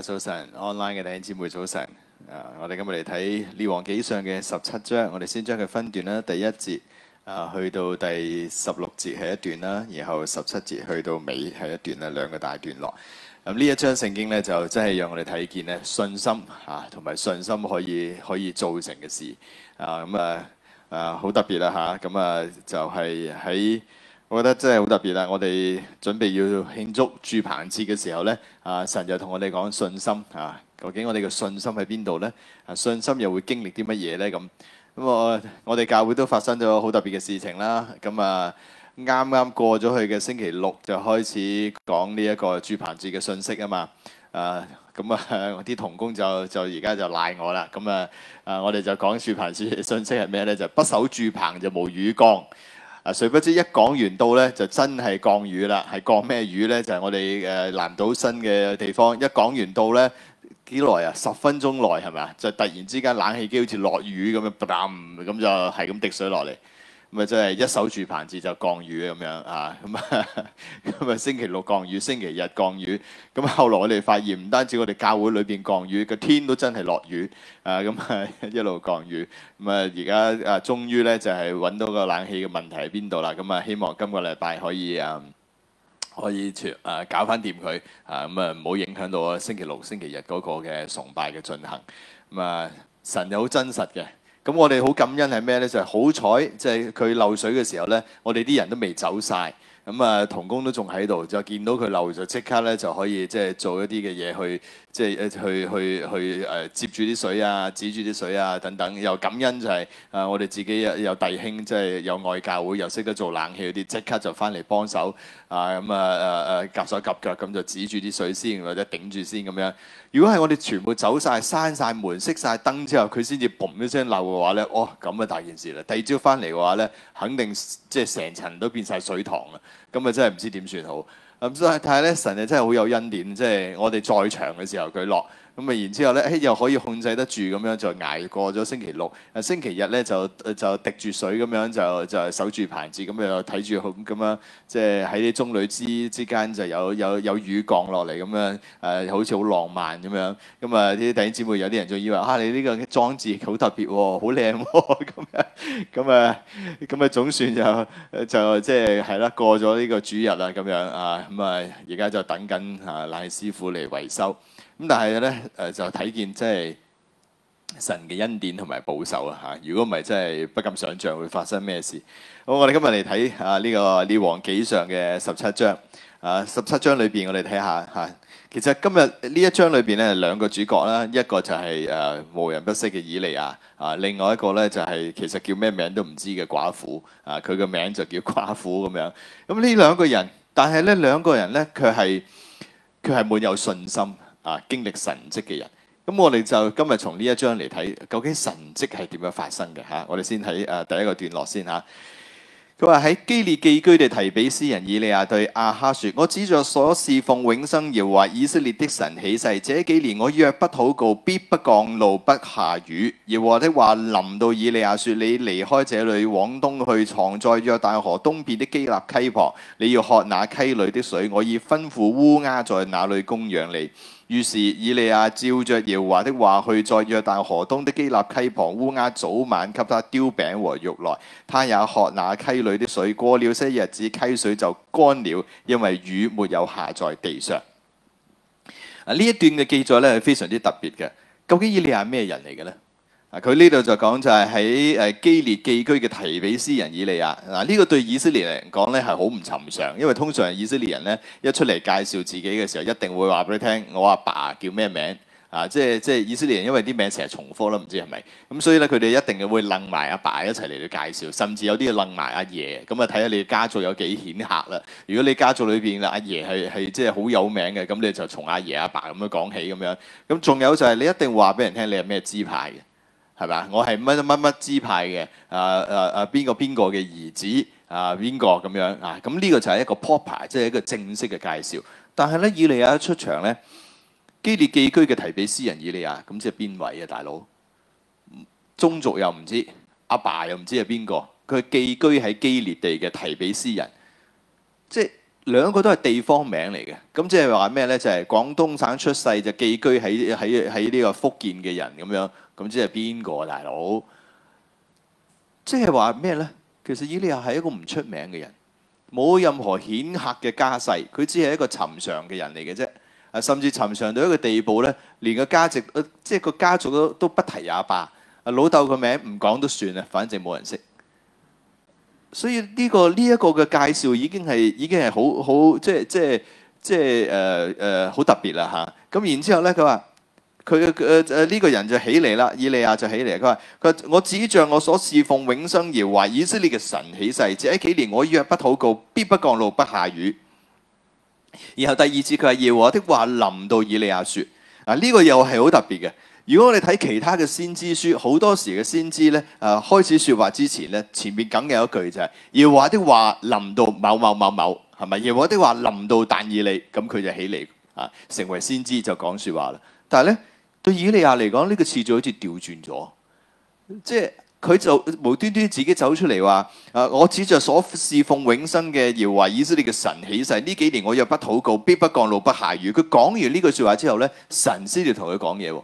早晨，online 嘅弟兄姊妹早晨啊！我哋今日嚟睇列王記上嘅十七章，我哋先將佢分段啦。第一節啊，去到第十六節係一段啦，然後十七節去到尾係一段啦，兩個大段落。咁、啊、呢一章聖經咧，就真係讓我哋睇見咧信心啊，同埋信心可以可以造成嘅事啊！咁啊啊，好、啊、特別啦吓，咁啊，啊就係喺。我覺得真係好特別啦！我哋準備要慶祝住棚節嘅時候呢，啊神就同我哋講信心啊！究竟我哋嘅信心喺邊度呢？啊信心又會經歷啲乜嘢呢？咁咁我我哋教會都發生咗好特別嘅事情啦！咁啊啱啱過咗去嘅星期六就開始講呢一個住棚節嘅信息啊嘛！啊咁啊我啲、啊、同工就就而家就賴我啦！咁啊啊我哋就講住棚節嘅信息係咩呢？就是、不守住棚就冇雨降。誰不知一講完到咧，就真係降雨啦。係降咩雨咧？就係、是、我哋誒南島新嘅地方。一講完到咧幾耐啊？十分鐘內係咪啊？就突然之間冷氣機好似落雨咁樣，啵咁就係咁滴水落嚟。咪真係一守住棚節就降雨咁樣啊，咁啊咁啊星期六降雨，星期日降雨。咁、um, 後來我哋發現唔單止我哋教會裏邊降雨，個天都真係落雨啊，咁啊 confer dles 一路降雨。咁啊而家啊終於咧就係揾到個冷氣嘅問題喺邊度啦。咁啊希望今個禮拜可以啊可以全搞翻掂佢啊，咁啊唔好影響到啊星期六、星期日嗰個嘅崇拜嘅進行。咁啊神又好真實嘅。咁我哋好感恩係咩呢？就係、是、好彩，即係佢漏水嘅時候呢，我哋啲人都未走晒。咁啊，童工都仲喺度，就見到佢漏就即刻呢就可以即係、就是、做一啲嘅嘢去。即係誒去去去誒、呃、接住啲水啊，止住啲水啊等等，又感恩就係、是、誒、呃、我哋自己有有弟兄，即、就、係、是、有外教會又識得做冷氣嗰啲，即刻就翻嚟幫手啊，咁啊誒誒夾手夾腳咁就止住啲水先，或者頂住先咁樣。如果係我哋全部走晒、閂晒門、熄晒燈之後，佢先至嘣一聲漏嘅話咧，哦，咁啊大件事啦！第二朝翻嚟嘅話咧，肯定即係成層都變晒水塘啦！咁啊真係唔知點算好。咁所以睇咧，神又真係好有恩典，即係我哋在場嘅時候，佢落。咁啊，然之後咧，誒又可以控制得住，咁樣就捱過咗星期六。誒星期日咧就就，就滴住水，咁樣就就守住牌子，咁又睇住咁咁樣，即係喺啲中女之之間就有有有雨降落嚟，咁樣誒、呃、好似好浪漫咁樣。咁啊呢啲弟兄姊妹有啲人就以為啊，你呢個裝置好特別喎，好靚喎，咁樣咁啊咁啊，總算就就即係係啦，過咗呢個主日啦，咁樣啊，咁啊而家就等緊啊賴師傅嚟維修。咁但係咧，誒就睇見即係神嘅恩典同埋保守啊！嚇，如果唔係，真係不敢想象會發生咩事。好，我哋今日嚟睇下呢個《列王紀》上嘅十七章啊。十七章裏邊，我哋睇下嚇。其實今日呢一章裏邊咧，兩個主角啦，一個就係誒無人不識嘅以利亞啊，另外一個咧就係其實叫咩名都唔知嘅寡婦啊。佢個名就叫寡婦咁樣。咁呢兩個人，但係咧兩個人咧，佢係佢係滿有信心。啊！經歷神蹟嘅人，咁我哋就今日從呢一章嚟睇，究竟神蹟係點樣發生嘅吓，我哋先睇誒第一個段落先吓。佢話，喺基列寄居地提比斯人以利亞對阿、啊、哈說：我指著所侍奉永生耶和華以色列的神起誓，這幾年我若不禱告，必不降露不下雨。耶和華的話臨到以利亞說：你離開這裏，往東去，藏在約旦河東邊的基立溪旁，你要喝那溪裏的水。我已吩咐烏鴉在那裏供養你。於是以利亞照着耶和華的話去，在約旦河東的基立溪旁，烏鴉早晚給他雕餅和肉來，他也喝那溪裏水啲水過了些日子，溪水就乾了，因為雨沒有下在地上。啊，呢一段嘅記載咧係非常之特別嘅。究竟以利亞係咩人嚟嘅呢？佢呢度就講就係喺誒基列寄居嘅提比斯人以利亞。嗱、啊，呢、呢個對以色列嚟講咧係好唔尋常，因為通常以色列人咧一出嚟介紹自己嘅時候，一定會話俾你聽我阿爸，爸叫咩名。啊，即係即係以色列人，因為啲名成日重複啦，唔知係咪？咁所以咧，佢哋一定嘅會楞埋阿爸一齊嚟到介紹，甚至有啲楞埋阿爺。咁啊，睇下你家族有幾顯赫啦。如果你家族裏邊阿爺係係即係好有名嘅，咁你就從阿爺阿爸咁樣講起咁樣。咁仲有就係、是、你一定話俾人聽，你係咩支派嘅，係咪啊？我係乜乜乜支派嘅？啊啊啊邊個邊個嘅兒子啊？邊個咁樣啊？咁呢個就係一個 proper 即係一個正式嘅介紹。但係咧，以利亞一出場咧。基列寄居嘅提比斯人以利亞，咁即係邊位啊？大佬，宗族又唔知，阿爸，爸又唔知係邊個？佢寄居喺基列地嘅提比斯人，即係兩個都係地方名嚟嘅。咁即係話咩呢？就係、是、廣東省出世就寄居喺喺喺呢個福建嘅人咁樣。咁即係邊個大佬？即係話咩呢？其實以利亞係一個唔出名嘅人，冇任何顯赫嘅家世，佢只係一個尋常嘅人嚟嘅啫。啊，甚至尋常到一個地步咧，連個家族，呃、即係個家族都都不提也罷。啊，老豆個名唔講都算啦，反正冇人識。所以呢、呢個呢一、呢個嘅介紹已經係已經係好好即係即係即係誒誒好特別啦嚇。咁、啊、然之後咧，佢話佢誒誒呢個人就起嚟啦，以利亞就起嚟。佢話佢我指著我所侍奉永生耶和華以色列嘅神起誓，這幾年我若不禱告，必不降露不下雨。然後第二次佢話耶和華的話臨到以利亞說，嗱，呢個又係好特別嘅。如果我哋睇其他嘅先知書，好多時嘅先知咧，誒，開始說話之前咧，前面梗有一句就係耶和華的話臨到某某某某，係咪？耶和華的話臨到但以利，咁佢就起嚟啊，成為先知就講說話啦。但係咧，對以利亞嚟講，呢個次序好似調轉咗，即係。佢就無端端自己走出嚟話：誒，我指著所侍奉永生嘅耶和華以色列嘅神起誓，呢幾年我若不禱告，必不降露，不下雨。佢講完呢句説話之後咧，神先至同佢講嘢喎。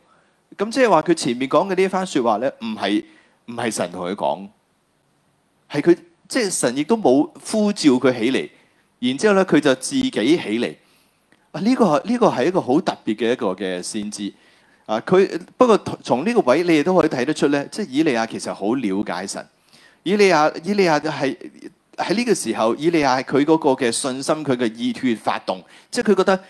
咁即係話佢前面講嘅呢一番説話咧，唔係唔係神同佢講，係佢，即係神亦都冇呼召佢起嚟，然之後咧佢就自己起嚟。啊、呢個，呢、呢個係呢個係一個好特別嘅一個嘅先知。啊！佢不過從呢個位你哋都可以睇得出呢，即係以利亞其實好了解神。以利亞、以利亞係喺呢個時候，以利亞佢嗰個嘅信心、佢嘅意圖發動，即係佢覺得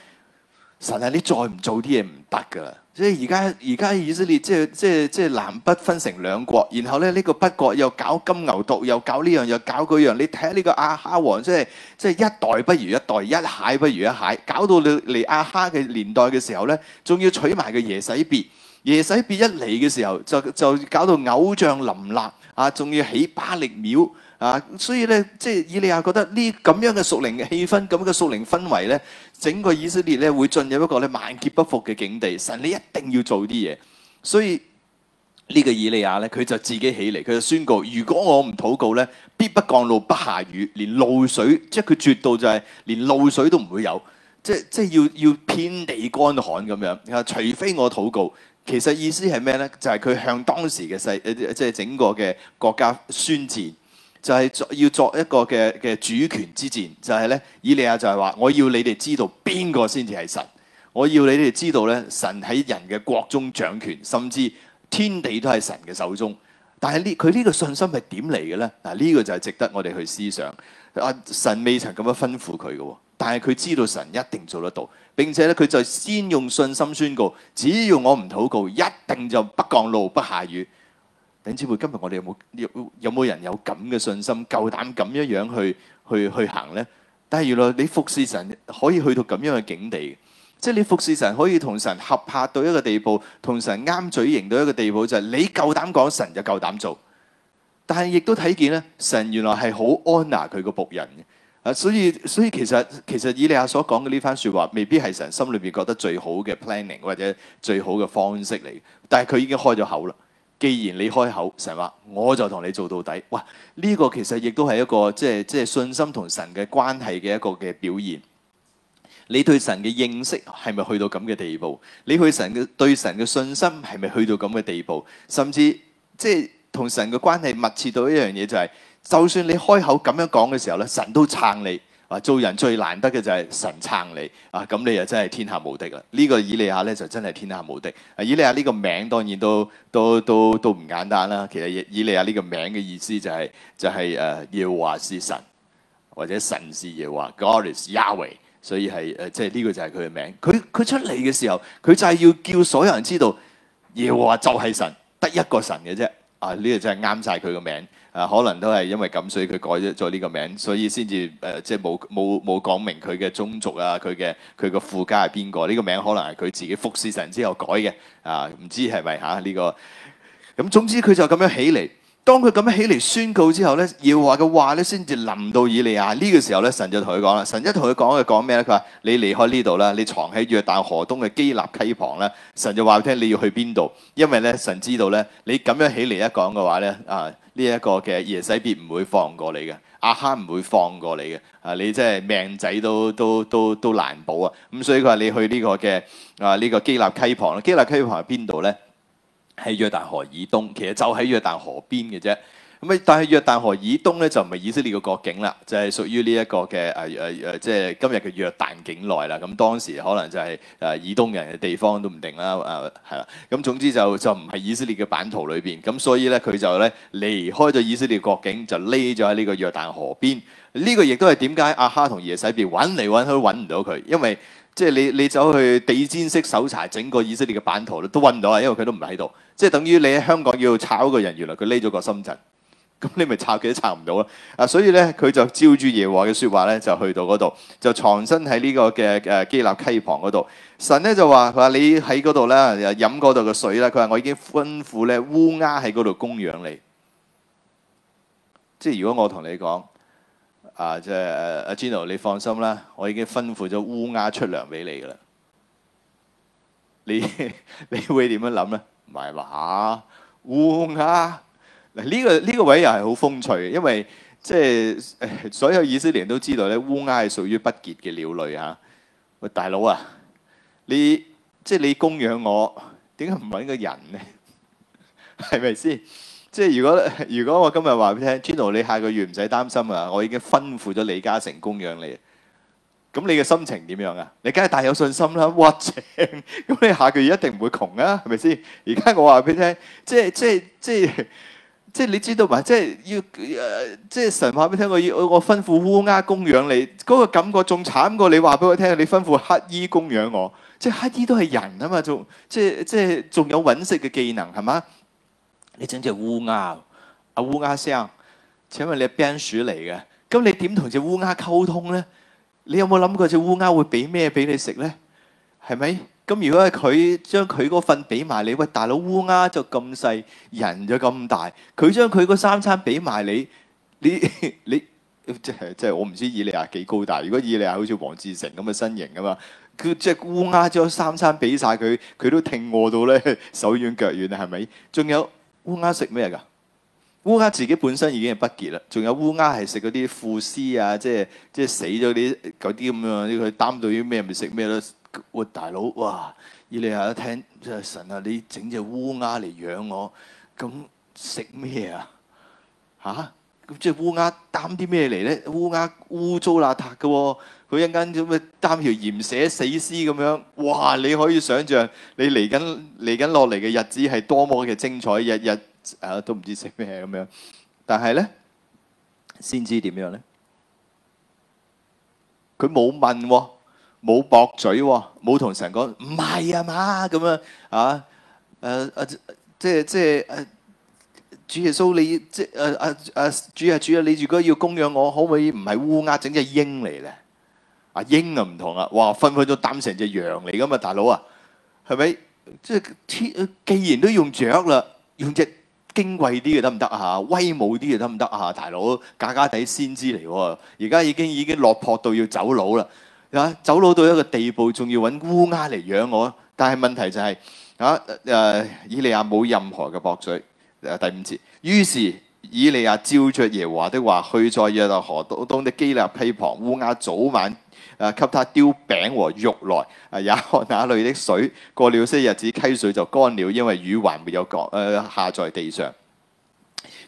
神啊，你再唔做啲嘢唔得㗎喇。即係而家，而家以色列即係即係即係南北分成兩國，然後咧呢個北國又搞金牛犢，又搞呢樣又搞嗰樣。你睇下呢個阿哈王，即係即係一代不如一代，一蟹不如一蟹，搞到嚟阿哈嘅年代嘅時候咧，仲要娶埋個耶洗別。耶洗別一嚟嘅時候，就就搞到偶像林立啊，仲要起巴力廟啊。所以咧，即係以利亞覺得呢咁樣嘅屬靈嘅氣氛，咁嘅屬靈氛圍咧。整個以色列咧會進入一個咧萬劫不復嘅境地，神你一定要做啲嘢，所以呢、這個以利亞咧佢就自己起嚟，佢就宣告：如果我唔禱告咧，必不降露不下雨，連露水即係佢絕對就係連露水都唔會有，即係即係要要遍地乾旱咁樣啊！除非我禱告，其實意思係咩咧？就係、是、佢向當時嘅世即係整個嘅國家宣戰。就係作要作一個嘅嘅主權之戰，就係咧，以利亞就係話：我要你哋知道邊個先至係神，我要你哋知道咧，神喺人嘅國中掌權，甚至天地都係神嘅手中。但係呢佢呢個信心係點嚟嘅咧？嗱，呢個就係值得我哋去思想。啊，神未曾咁樣吩咐佢嘅，但係佢知道神一定做得到。並且咧，佢就先用信心宣告：只要我唔禱告，一定就不降露不下雨。鼎子會，今日我哋有冇有有冇人有咁嘅信心夠膽咁一樣去去去行呢？但係原來你服侍神可以去到咁樣嘅境地，即係你服侍神可以同神合拍到一個地步，同神啱嘴型到一個地步，就係你夠膽講，神就夠膽做。但係亦都睇見呢，神原來係好安那佢個僕人嘅啊，所以所以其實其實以利亞所講嘅呢番説話，未必係神心裏面覺得最好嘅 planning 或者最好嘅方式嚟，但係佢已經開咗口啦。既然你開口神話，我就同你做到底。哇！呢、這個其實亦都係一個即係即係信心同神嘅關係嘅一個嘅表現。你對神嘅認識係咪去到咁嘅地步？你去神嘅對神嘅信心係咪去到咁嘅地步？甚至即係同神嘅關係密切到一樣嘢，就是，就係就算你開口咁樣講嘅時候咧，神都撐你。做人最難得嘅就係神撐你，啊咁你又真係天下無敵啦！呢、這個以利亞咧就真係天下無敵、啊。以利亞呢個名當然都都都都唔簡單啦。其實以以利亞呢個名嘅意思就係、是、就係、是、誒、啊、耶華是神，或者神是耶華，God is Yahweh，所以係誒即係呢個就係佢嘅名。佢佢出嚟嘅時候，佢就係要叫所有人知道耶和華就係神，得一個神嘅啫。啊！呢、這個真係啱晒佢個名啊，可能都係因為咁，所以佢改咗咗呢個名，所以先至誒，即係冇冇冇講明佢嘅宗族啊，佢嘅佢嘅附加係邊個？呢、這個名可能係佢自己服侍神之後改嘅啊，唔知係咪嚇呢個？咁、啊、總之佢就咁樣起嚟。當佢咁樣起嚟宣告之後咧，耶和華嘅話咧先至臨到以利亞呢、這個時候咧，神就同佢講啦。神一同佢講佢講咩咧？佢話：你離開呢度啦，你藏喺約旦河東嘅基立溪旁啦。神就話我聽你要去邊度？因為咧，神知道咧，你咁樣起嚟一講嘅話咧，啊，呢、這、一個嘅耶洗別唔會放過你嘅，亞哈唔會放過你嘅，啊，你真係命仔都都都都難保啊！咁所以佢話你去呢個嘅啊呢、這個基立溪旁，基立溪旁喺邊度咧？喺約旦河以東，其實就喺約旦河邊嘅啫。咁啊，但係約旦河以東咧就唔係以色列嘅國境啦，就係屬於呢一個嘅誒誒，即、呃、係、呃呃就係、今日嘅約旦境內啦。咁當時可能就係、係、誒、呃、以東人嘅地方都唔定啦。誒係啦。咁總之就就唔係以色列嘅版圖裏邊。咁所以咧佢就咧離開咗以色列國境，就匿咗喺呢個約旦河邊。呢、呢個亦都係點解阿哈同耶洗別揾嚟揾去揾唔到佢，因為。即係你你走去地氈式搜查整個以色列嘅版圖咧，都搵唔到啊！因為佢都唔喺度，即係等於你喺香港要炒一個人，原來佢匿咗過深圳，咁你咪炒佢都炒唔到啦。啊，所以咧佢就照住耶和華嘅説話咧，就去到嗰度，就藏身喺呢、這個嘅誒、啊、基立溪旁嗰度。神咧就話佢話你喺嗰度啦，又飲嗰度嘅水啦。佢話我已經吩咐咧烏鴉喺嗰度供養你。即係如果我同你講。啊，即係阿 Juno，你放心啦，我已經吩咐咗烏鴉出糧俾你噶啦。你你會點樣諗咧？唔係話烏鴉嗱呢個呢、這個位又係好風趣，因為即係、就是呃、所有以色列人都知道咧，烏鴉係屬於不潔嘅鳥類嚇、啊。喂，大佬啊，你即係、就是、你供養我，點解唔揾個人呢？係咪先？即係如果如果我今日話俾你聽 Trino 你下個月唔使擔心啊！我已經吩咐咗李嘉誠供養你。咁你嘅心情點樣啊？你梗係大有信心啦，哇正！咁你下個月一定唔會窮啊，係咪先？而家我話俾你聽，即係即係即係即係你知道嘛？即係要誒，即係神話俾你聽，我要我吩咐烏鴉供養你，嗰個感覺仲慘過你話俾我聽，你吩咐乞衣供養我。即係乞衣都係人啊嘛，仲即係即係仲有揾食嘅技能係嘛？你整隻烏鴉，阿烏鴉聲，請問你係蝙蝠嚟嘅？咁你點同隻烏鴉溝通呢？你有冇諗過隻烏鴉會俾咩俾你食呢？係咪？咁如果係佢將佢嗰份俾埋你，喂，大佬，烏鴉就咁細，人就咁大，佢將佢嗰三餐俾埋你，你你即係即係我唔知以利亞幾高大，如果以利亞好似黃志成咁嘅身形啊嘛，佢、那個、隻烏鴉將三餐俾晒佢，佢都聽餓到咧手軟腳軟啊，係咪？仲有。烏鴉食咩㗎？烏鴉自己本身已經係不潔啦，仲有烏鴉係食嗰啲腐屍啊，即係即係死咗啲嗰啲咁樣，佢擔到啲咩咪食咩咯？我大佬，哇！而你喺度聽，即係神啊！你整隻烏鴉嚟養我，咁食咩啊？吓？咁即係烏鴉擔啲咩嚟咧？烏鴉污糟邋遢嘅喎。佢一間咁嘅擔條鹽寫死屍咁樣，哇！你可以想象你嚟緊嚟緊落嚟嘅日子係多麼嘅精彩，日日啊都唔知食咩咁樣。但係咧，先知點樣咧？佢冇問喎，冇駁嘴喎，冇同神講唔係啊嘛咁樣啊？誒誒，即係即係誒主耶穌，你即係誒誒誒主啊主啊，你如果要供養我，可唔可以唔係烏鴉，整隻鷹嚟咧？阿英啊，唔同啦，哇，分分鐘擔成隻羊嚟噶嘛，大佬啊，係咪即係既然都用雀啦，用隻矜貴啲嘅得唔得啊？威武啲嘅得唔得啊？大佬假假哋先知嚟，而家已經已經落魄到要走佬啦。啊，走佬到一個地步，仲要揾烏鴉嚟養我。但係問題就係、是、啊，誒、啊啊，以利亞冇任何嘅駁嘴誒第五節。於是以利亞照著耶和華的話去在約旦河東東的基立批旁烏鴉早晚。啊！給他叼餅和肉來。啊，也喝那裡的水，過了些日子，溪水就乾了，因為雨還沒有降，誒、呃、下在地上，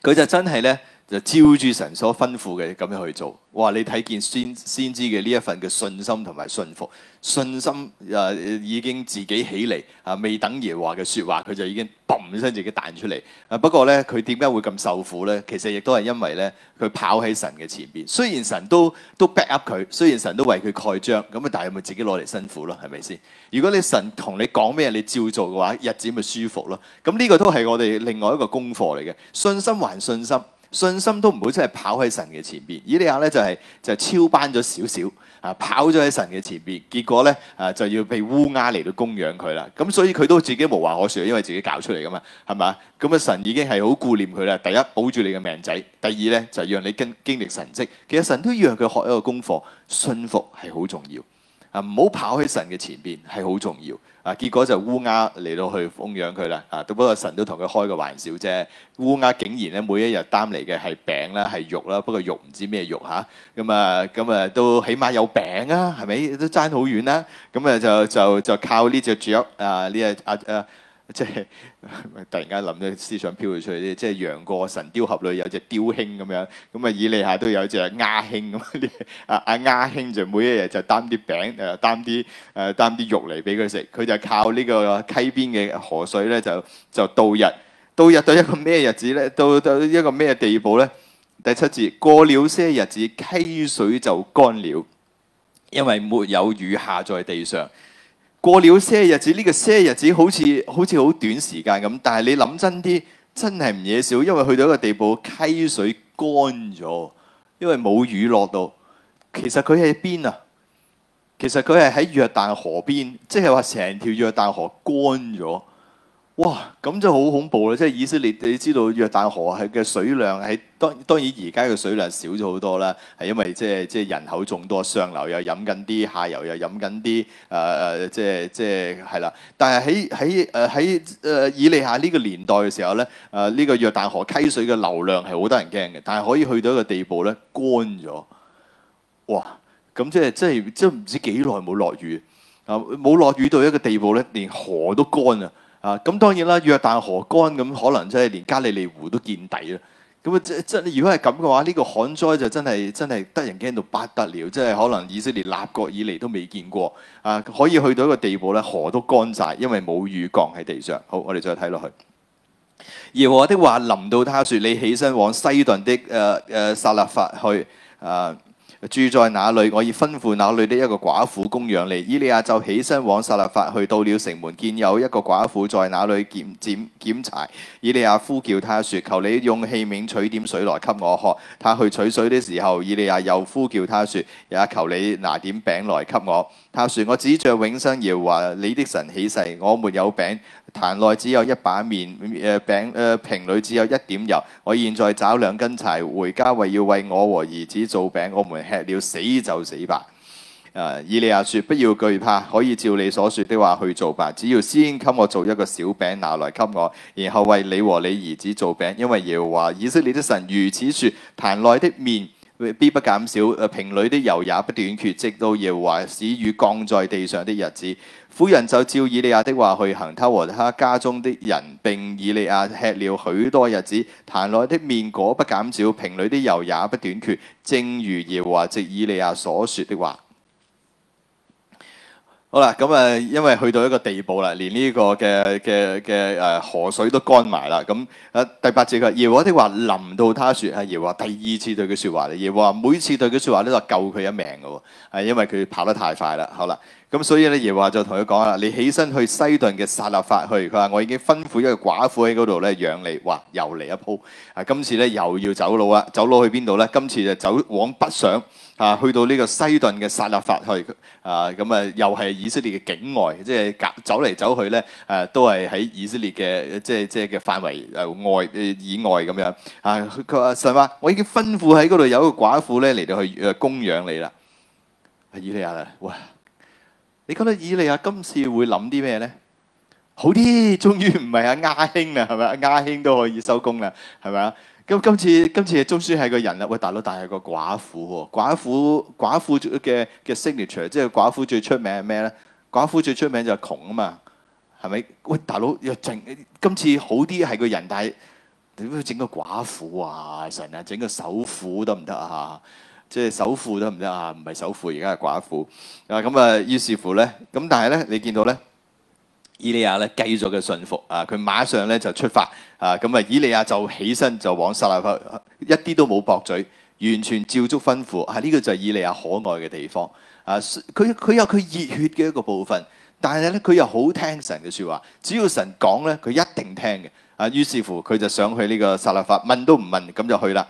佢就真係咧。就照住神所吩咐嘅咁樣去做，哇！你睇見先先知嘅呢一份嘅信心同埋信服，信心誒、呃、已經自己起嚟，啊未等耶和華嘅説話，佢就已經嘣聲自己彈出嚟。啊，不過呢，佢點解會咁受苦呢？其實亦都係因為呢，佢跑喺神嘅前邊。雖然神都都 back up 佢，雖然神都為佢蓋章咁啊，但係咪自己攞嚟辛苦咯？係咪先？如果神你神同你講咩，你照做嘅話，日子咪舒服咯。咁、嗯、呢、這個都係我哋另外一個功課嚟嘅，信心還信心。信心都唔好真係跑喺神嘅前邊，以利亞咧就係、是、就是、超班咗少少啊，跑咗喺神嘅前邊，結果咧啊就要被烏鴉嚟到供養佢啦。咁、嗯、所以佢都自己無話可說，因為自己搞出嚟噶嘛，係咪咁啊？神已經係好顧念佢啦，第一保住你嘅命仔，第二咧就是、讓你跟經歷神跡。其實神都要讓佢學一個功課，信服係好重要啊，唔好跑喺神嘅前邊係好重要。啊啊！結果就烏鴉嚟到去供養佢啦！啊，都不過神都同佢開個玩笑啫。烏鴉竟然咧，每一日擔嚟嘅係餅啦，係肉啦，不過肉唔知咩肉吓。咁啊，咁、嗯、啊、嗯嗯，都起碼有餅啊，係咪？都爭好遠啦。咁啊，嗯、就就就靠呢隻雀啊，呢一啊啊～啊即係突然間諗到思想飄咗出嚟啲，即係楊過《神雕俠侶》有隻雕兄咁樣，咁啊以利亞都有隻鴨兄咁啊，阿阿兄就每一日就擔啲餅誒、呃，擔啲誒、呃、擔啲肉嚟俾佢食，佢就靠呢個溪邊嘅河水咧就就度日，度日到一個咩日子咧？到到一個咩地步咧？第七節過了些日子，溪水就乾了，因為沒有雨下在地上。過了些日子，呢、這個些日子好似好似好短時間咁，但係你諗真啲，真係唔嘢少，因為去到一個地步，溪水乾咗，因為冇雨落到。其實佢喺邊啊？其實佢係喺約旦河邊，即係話成條約旦河乾咗。哇！咁就好恐怖啦，即係以色列，你知道約旦河係嘅水量係當當然而家嘅水量少咗好多啦，係因為即係即係人口眾多，上流又飲緊啲，下游又飲緊啲，誒、呃、誒，即係即係係啦。但係喺喺誒喺誒以利亞呢個年代嘅時候咧，誒、呃、呢、呢個約旦河溪水嘅流量係好得人驚嘅，但係可以去到一個地步咧，乾咗。哇！咁即係即係即係唔知幾耐冇落雨啊！冇落雨到一個地步咧，連河都乾啊！啊，咁當然啦，約旦河乾？咁可能真係連加利利湖都見底啦。咁啊、這個，真真如果係咁嘅話，呢個旱災就真係真係得人驚到不得了，即係可能以色列立國以嚟都未見過。啊，可以去到一個地步咧，河都乾晒，因為冇雨降喺地上。好，我哋再睇落去。耶和華的話臨到他説：你起身往西頓的誒誒撒勒法去啊！呃住在哪裏，我已吩咐那裏的一個寡婦供養你。以利亞就起身往撒勒法去，到了城門，見有一個寡婦在那裏檢檢檢柴。以利亞呼叫他說：“求你用器皿取點水來給我喝。”他去取水的時候，以利亞又呼叫他說：“也求你拿點餅來給我。”下說，我指着永生耶和華你的神起誓，我沒有餅，壇內只有一把麵，誒、呃、餅誒、呃、瓶裏只有一點油，我現在找兩根柴回家，為要為我和兒子做餅，我們吃了，死就死吧。誒、uh,，以利亞說：不要懼怕，可以照你所説的話去做吧。只要先給我做一個小餅，拿來給我，然後為你和你兒子做餅，因為耶和華以色列的神如此説，壇內的面。必不減少，誒，瓶裏的油也不短缺，直到耶和華使雨降在地上的日子。婦人就照以利亞的話去行，他和他家中的人並以利亞吃了許多日子。壇內的麵果不減少，瓶裏的油也不短缺，正如耶和華藉以利亞所說的話。好啦，咁啊，因為去到一個地步啦，連呢個嘅嘅嘅誒河水都乾埋啦。咁、嗯、啊，第八節佢，耶和華的話臨到他説：耶和華第二次對佢説話咧，耶和華每次對佢説話咧就救佢一命嘅喎，係因為佢跑得太快啦。好啦，咁、嗯、所以咧，耶和華就同佢講啊：你起身去西頓嘅撒勒法去。佢話：我已經吩咐一個寡婦喺嗰度咧養你。哇，又嚟一鋪，啊，今次咧又要走佬啊，走佬去邊度咧？今次就走往北上。啊，去到呢個西頓嘅撒勒法去，啊，咁啊又係以色列嘅境外，即係走嚟走去咧，誒都係喺以色列嘅即係即係嘅範圍外誒以外咁樣。啊，佢話神話，我已經吩咐喺嗰度有一個寡婦咧嚟到去誒供養你啦。以利亞啦，哇！你覺得以利亞今次會諗啲咩咧？好啲，終於唔係阿亞興啦，係咪啊？亞興都可以收工啦，係咪啊？咁今次今次終於係個人啦！喂，大佬，但係個寡婦喎，寡婦寡婦嘅嘅 signature 即係寡婦最出名係咩咧？寡婦最出名就係窮啊嘛，係咪？喂，大佬又整今次好啲係個人，但係點解要整個寡婦啊？神啊，整個首富得唔得啊？即係首富得唔得啊？唔係首富，而家係寡婦啊！咁啊，於是乎咧，咁但係咧，你見到咧。以利亞咧繼續嘅信服啊！佢馬上咧就出發啊！咁啊，以利亞就起身就往撒勒法，一啲都冇駁嘴，完全照足吩咐啊！呢個就係以利亞可愛嘅地方啊！佢佢有佢熱血嘅一個部分，但係咧佢又好聽神嘅説話，只要神講咧，佢一定聽嘅啊！於是乎佢就想去呢個撒勒法，問都唔問咁就去啦。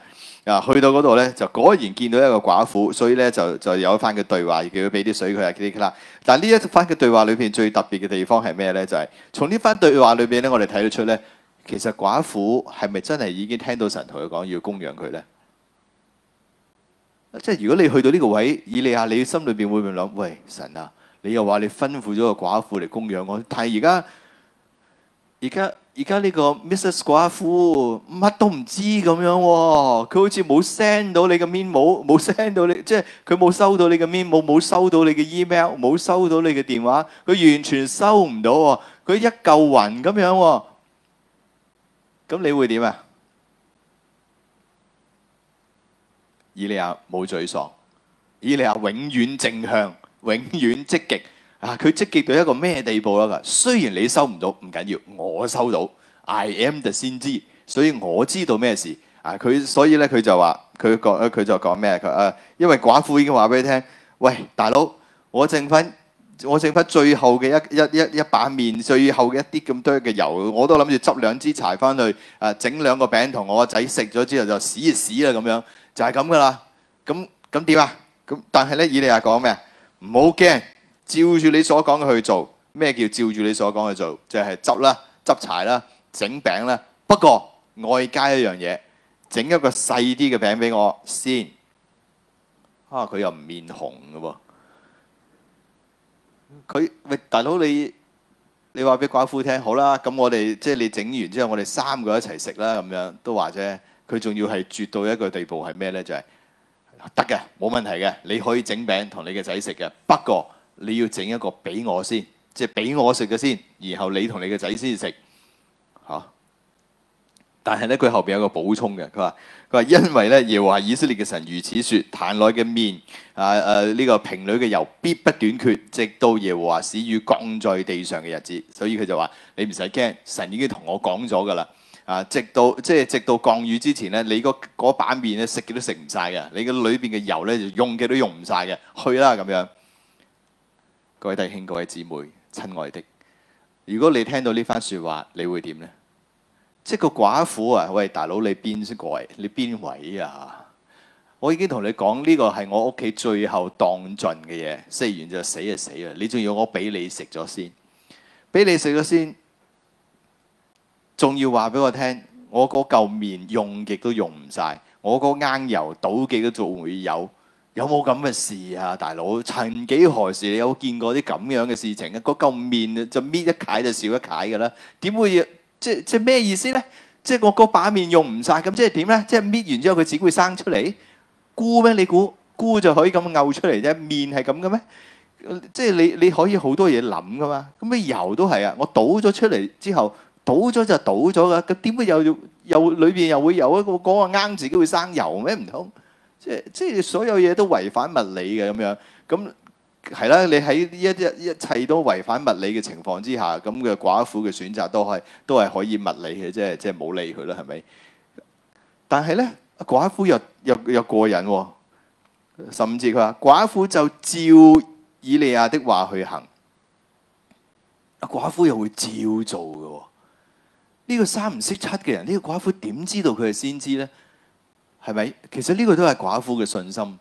啊，去到嗰度咧，就果然見到一個寡婦，所以咧就就有一番嘅對話，要佢俾啲水佢啊，嗰啲啦。但係呢一番嘅對話裏面最特別嘅地方係咩咧？就係、是、從呢番對話裏邊咧，我哋睇得出咧，其實寡婦係咪真係已經聽到神同佢講要供養佢咧？即係如果你去到呢個位，以利亞你心裏邊會唔會諗？喂，神啊，你又話你吩咐咗個寡婦嚟供養我，但係而家而家。而家呢個 Mrs. 寡婦乜都唔知咁樣喎，佢好似冇 send 到你嘅 mail，冇 send 到你，即係佢冇收到你嘅 mail，冇收到你嘅 email，冇收到你嘅電話，佢完全收唔到喎，佢一嚿雲咁樣喎，咁你會點啊？以利亞冇沮喪，以利亞永遠正向，永遠積極。啊！佢積極到一個咩地步啦？噶，雖然你收唔到唔緊要，我收到。I am the 先知，ji, 所以我知道咩事啊？佢所以咧，佢就話佢講，佢就講咩？佢、啊、誒，因為寡婦已經話俾你聽，喂，大佬，我剩翻，我剩翻最後嘅一一一一把麵，最後嘅一啲咁多嘅油，我都諗住執兩支柴翻去誒，整、啊、兩個餅同我個仔食咗之後就死死啦咁樣，就係咁噶啦。咁咁點啊？咁但係咧，以利亞講咩？唔好驚。照住你所講嘅去做，咩叫照住你所講嘅做？就係執啦、執柴啦、整餅啦。不過外加一樣嘢，整一個細啲嘅餅俾我先。啊，佢又唔面紅嘅喎。佢喂，大佬你你話俾寡婦聽，好啦，咁我哋即係你整完之後，我哋三個一齊食啦咁樣都話啫。佢仲要係絕到一個地步。係咩呢？就係得嘅，冇問題嘅，你可以整餅同你嘅仔食嘅。不過你要整一個俾我先，即係俾我食嘅先，然後你同你個仔先食嚇、啊。但係咧，佢後邊有個補充嘅，佢話：佢話因為咧，耶和華以色列嘅神如此説，壇內嘅麵啊啊呢、這個瓶裏嘅油必不短缺，直到耶和華使雨降在地上嘅日子。所以佢就話：你唔使驚，神已經同我講咗噶啦。啊，直到即係直到降雨之前咧，你個嗰把麵咧食嘅都食唔晒嘅，你嘅裏邊嘅油咧就用嘅都用唔晒嘅，去啦咁樣。各位弟兄、各位姊妹、親愛的，如果你聽到呢番説話，你會點呢？即係個寡婦啊！喂，大佬你邊位？你邊位啊？我已經同你講，呢個係我屋企最後當盡嘅嘢，食完就死就死啦！你仲要我俾你食咗先，俾你食咗先，仲要話俾我聽，我嗰嚿麵用極都用唔晒，我嗰罌油倒極都仲會有。有冇咁嘅事啊，大佬？曾幾何時你有見過啲咁樣嘅事情啊？嗰嚿麵就搣一攰就少一攰嘅啦，點會？即即咩意思咧？即我個把麵用唔晒咁，即點咧？即搣完之後佢自己會生出嚟，菇咩？你估菇就可以咁嘔出嚟啫？麵係咁嘅咩？即你你可以好多嘢諗噶嘛？咁咩油都係啊！我倒咗出嚟之後，倒咗就倒咗噶，點會又又裏邊又會有一個講話啱自己會生油咩？唔通？即係所有嘢都違反物理嘅咁樣，咁係啦。你喺一啲一,一切都違反物理嘅情況之下，咁嘅寡婦嘅選擇都係都係可以物理嘅，即係即係冇理佢啦，係咪？但係呢，寡婦又又又，又，又，又過癮喎、哦。十五節佢話：寡婦就照以利亞的話去行，寡婦又會照做嘅、哦。呢、這個三唔識七嘅人，呢、這個寡婦點知道佢係先知呢？係咪？其實呢個都係寡婦嘅信心，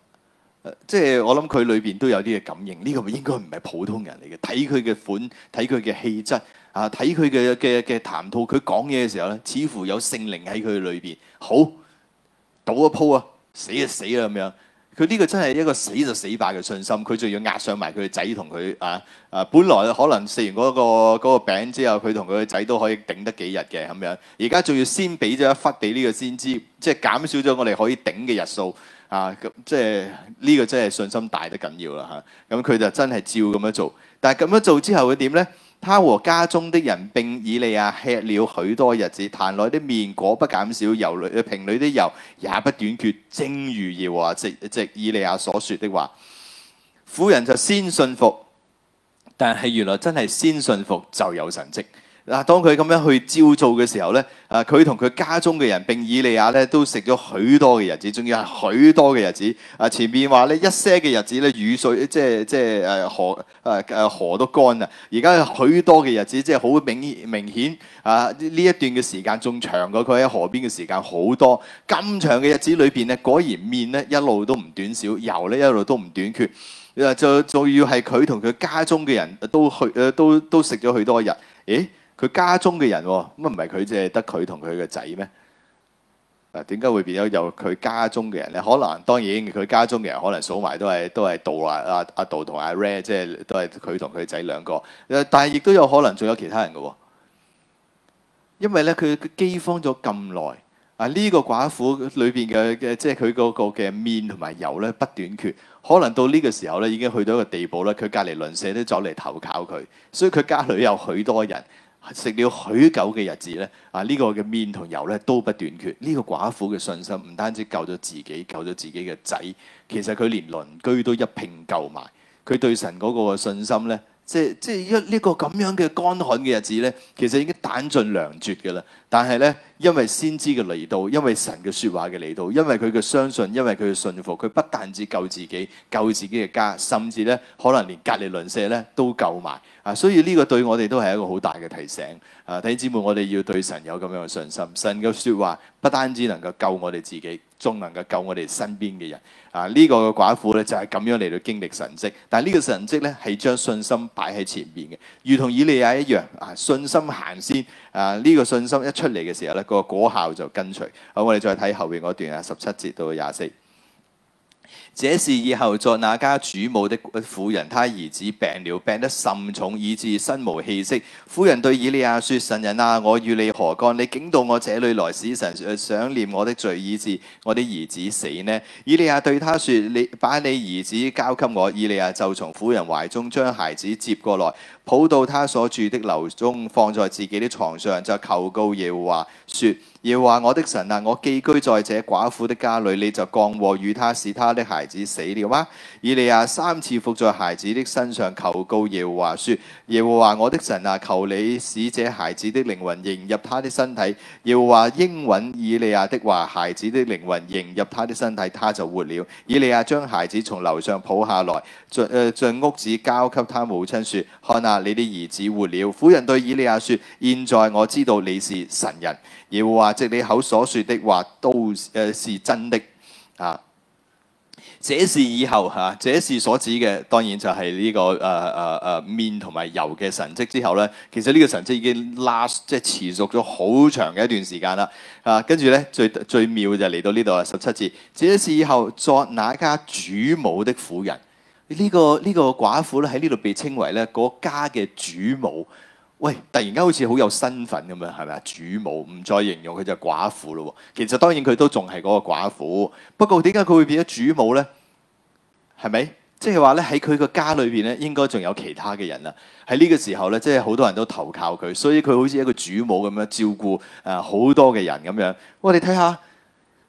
呃、即係我諗佢裏面都有啲嘅感應。呢、呢個應該唔係普通人嚟嘅，睇佢嘅款，睇佢嘅氣質，啊，睇佢嘅嘅談吐，佢講嘢嘅時候咧，似乎有聖靈喺佢裏面。好，賭一鋪啊，死就死啦咁樣。佢呢個真係一個死就死吧嘅信心，佢仲要壓上埋佢仔同佢啊啊！本來可能食完嗰、嗰個嗰餅、嗰個、之後，佢同佢仔都可以頂得幾日嘅咁樣，而家仲要先俾咗一忽俾呢個先知，即係減少咗我哋可以頂嘅日數啊！咁、啊啊、即係呢、呢個真係信心大得緊要啦嚇，咁、啊、佢就真係照咁樣做，但係咁樣做之後會點咧？他和家中的人並以利亞吃了許多日子，壇內的麵果不減少，油壺嘅瓶裏的油也不短缺，正如耶和華藉以利亞所說的話。婦人就先信服，但係原來真係先信服就有神蹟。嗱，當佢咁樣去照做嘅時候呢，啊，佢同佢家中嘅人並以利亞呢都食咗許多嘅日子，仲要係許多嘅日子。啊，前面話呢一些嘅日子呢，雨水即係即係誒河誒誒河都乾啦。而家許多嘅日子即係好明明顯啊，呢一段嘅時間仲長過佢喺河邊嘅時間好多。咁長嘅日子裏邊呢，果然麵呢一路都唔短少，油呢一路都唔短缺。啊、就仲要係佢同佢家中嘅人都去誒，都都食咗許多日。咦、欸？佢家中嘅人喎，咁啊唔係佢即係得佢同佢嘅仔咩？啊，點解會變咗有佢家中嘅人咧？可能當然佢家中嘅人可能數埋都係都係道啊啊啊道同阿 Ray 即係都係佢同佢仔兩個，但係亦都有可能仲有其他人嘅喎。因為咧佢饑荒咗咁耐，啊呢、這個寡婦裏邊嘅嘅即係佢嗰個嘅麵同埋油咧不短缺，可能到呢個時候咧已經去到一個地步咧，佢隔離鄰舍都走嚟投靠佢，所以佢家裏有許多人。食了許久嘅日子咧，啊、這、呢個嘅麵同油咧都不斷缺。呢、這個寡婦嘅信心唔單止救咗自己，救咗自己嘅仔，其實佢連鄰居都一拼救埋。佢對神嗰個信心咧，即係即係一呢個咁樣嘅乾旱嘅日子咧，其實已經彈盡糧絕嘅啦。但係咧，因為先知嘅嚟到，因為神嘅說話嘅嚟到，因為佢嘅相信，因為佢嘅信服，佢不但止救自己，救自己嘅家，甚至咧可能連隔籬鄰舍咧都救埋啊！所以呢個對我哋都係一個好大嘅提醒啊！弟兄姊妹，我哋要對神有咁樣嘅信心，神嘅說話不單止能夠救我哋自己，仲能夠救我哋身邊嘅人啊！這個、呢個嘅寡婦咧就係、是、咁樣嚟到經歷神蹟，但係呢個神蹟咧係將信心擺喺前面嘅，如同以利亞一樣啊，信心行先。啊！呢個信心一出嚟嘅時候咧，呢個果效就跟隨。好，我哋再睇後面嗰段啊，十七節到廿四。這事以後作那家主母的婦人，她兒子病了，病得甚重，以致身無氣息。婦人對以利亞說：神人啊，我與你何干？你竟到我這裏來，使、呃、神想念我的罪，以致我的兒子死呢？以利亞對他說：你把你兒子交給我。以利亞就從婦人懷中將孩子接過來，抱到他所住的樓中，放在自己的床上，就求告耶和華說。耶和華我的神啊，我寄居在這寡婦的家裏，你就降禍與他，使他的孩子死了嗎？以利亞三次伏在孩子的身上求告耶和華說：耶和華我的神啊，求你使這孩子的靈魂迎入他的身體。耶和華應允，以利亞的話，孩子的靈魂迎入他的身體，他就活了。以利亞將孩子從樓上抱下來，進進屋子交給他母親說。看下你啲兒子活了。婦人對以利亞説：現在我知道你是神人，耶和華藉你口所說的話都誒是、呃、是真的。啊，這事以後嚇、啊，這事所指嘅，當然就係呢、這個誒誒誒麵同埋油嘅神跡之後咧。其實呢個神跡已經 last 即係持續咗好長嘅一段時間啦。啊，跟住咧最最妙就嚟到呢度啊，十七字，這事以後作哪家主母的婦人。呢個呢個寡婦咧喺呢度被稱為咧個家嘅主母。喂，突然間好似好有身份咁樣，係咪啊？主母唔再形容佢就係寡婦咯。其實當然佢都仲係嗰個寡婦。不過點解佢會變咗主母咧？係咪？即係話咧喺佢個家裏邊咧應該仲有其他嘅人啊。喺呢個時候咧，即係好多人都投靠佢，所以佢好似一個主母咁樣照顧誒好多嘅人咁樣。喂，你睇下。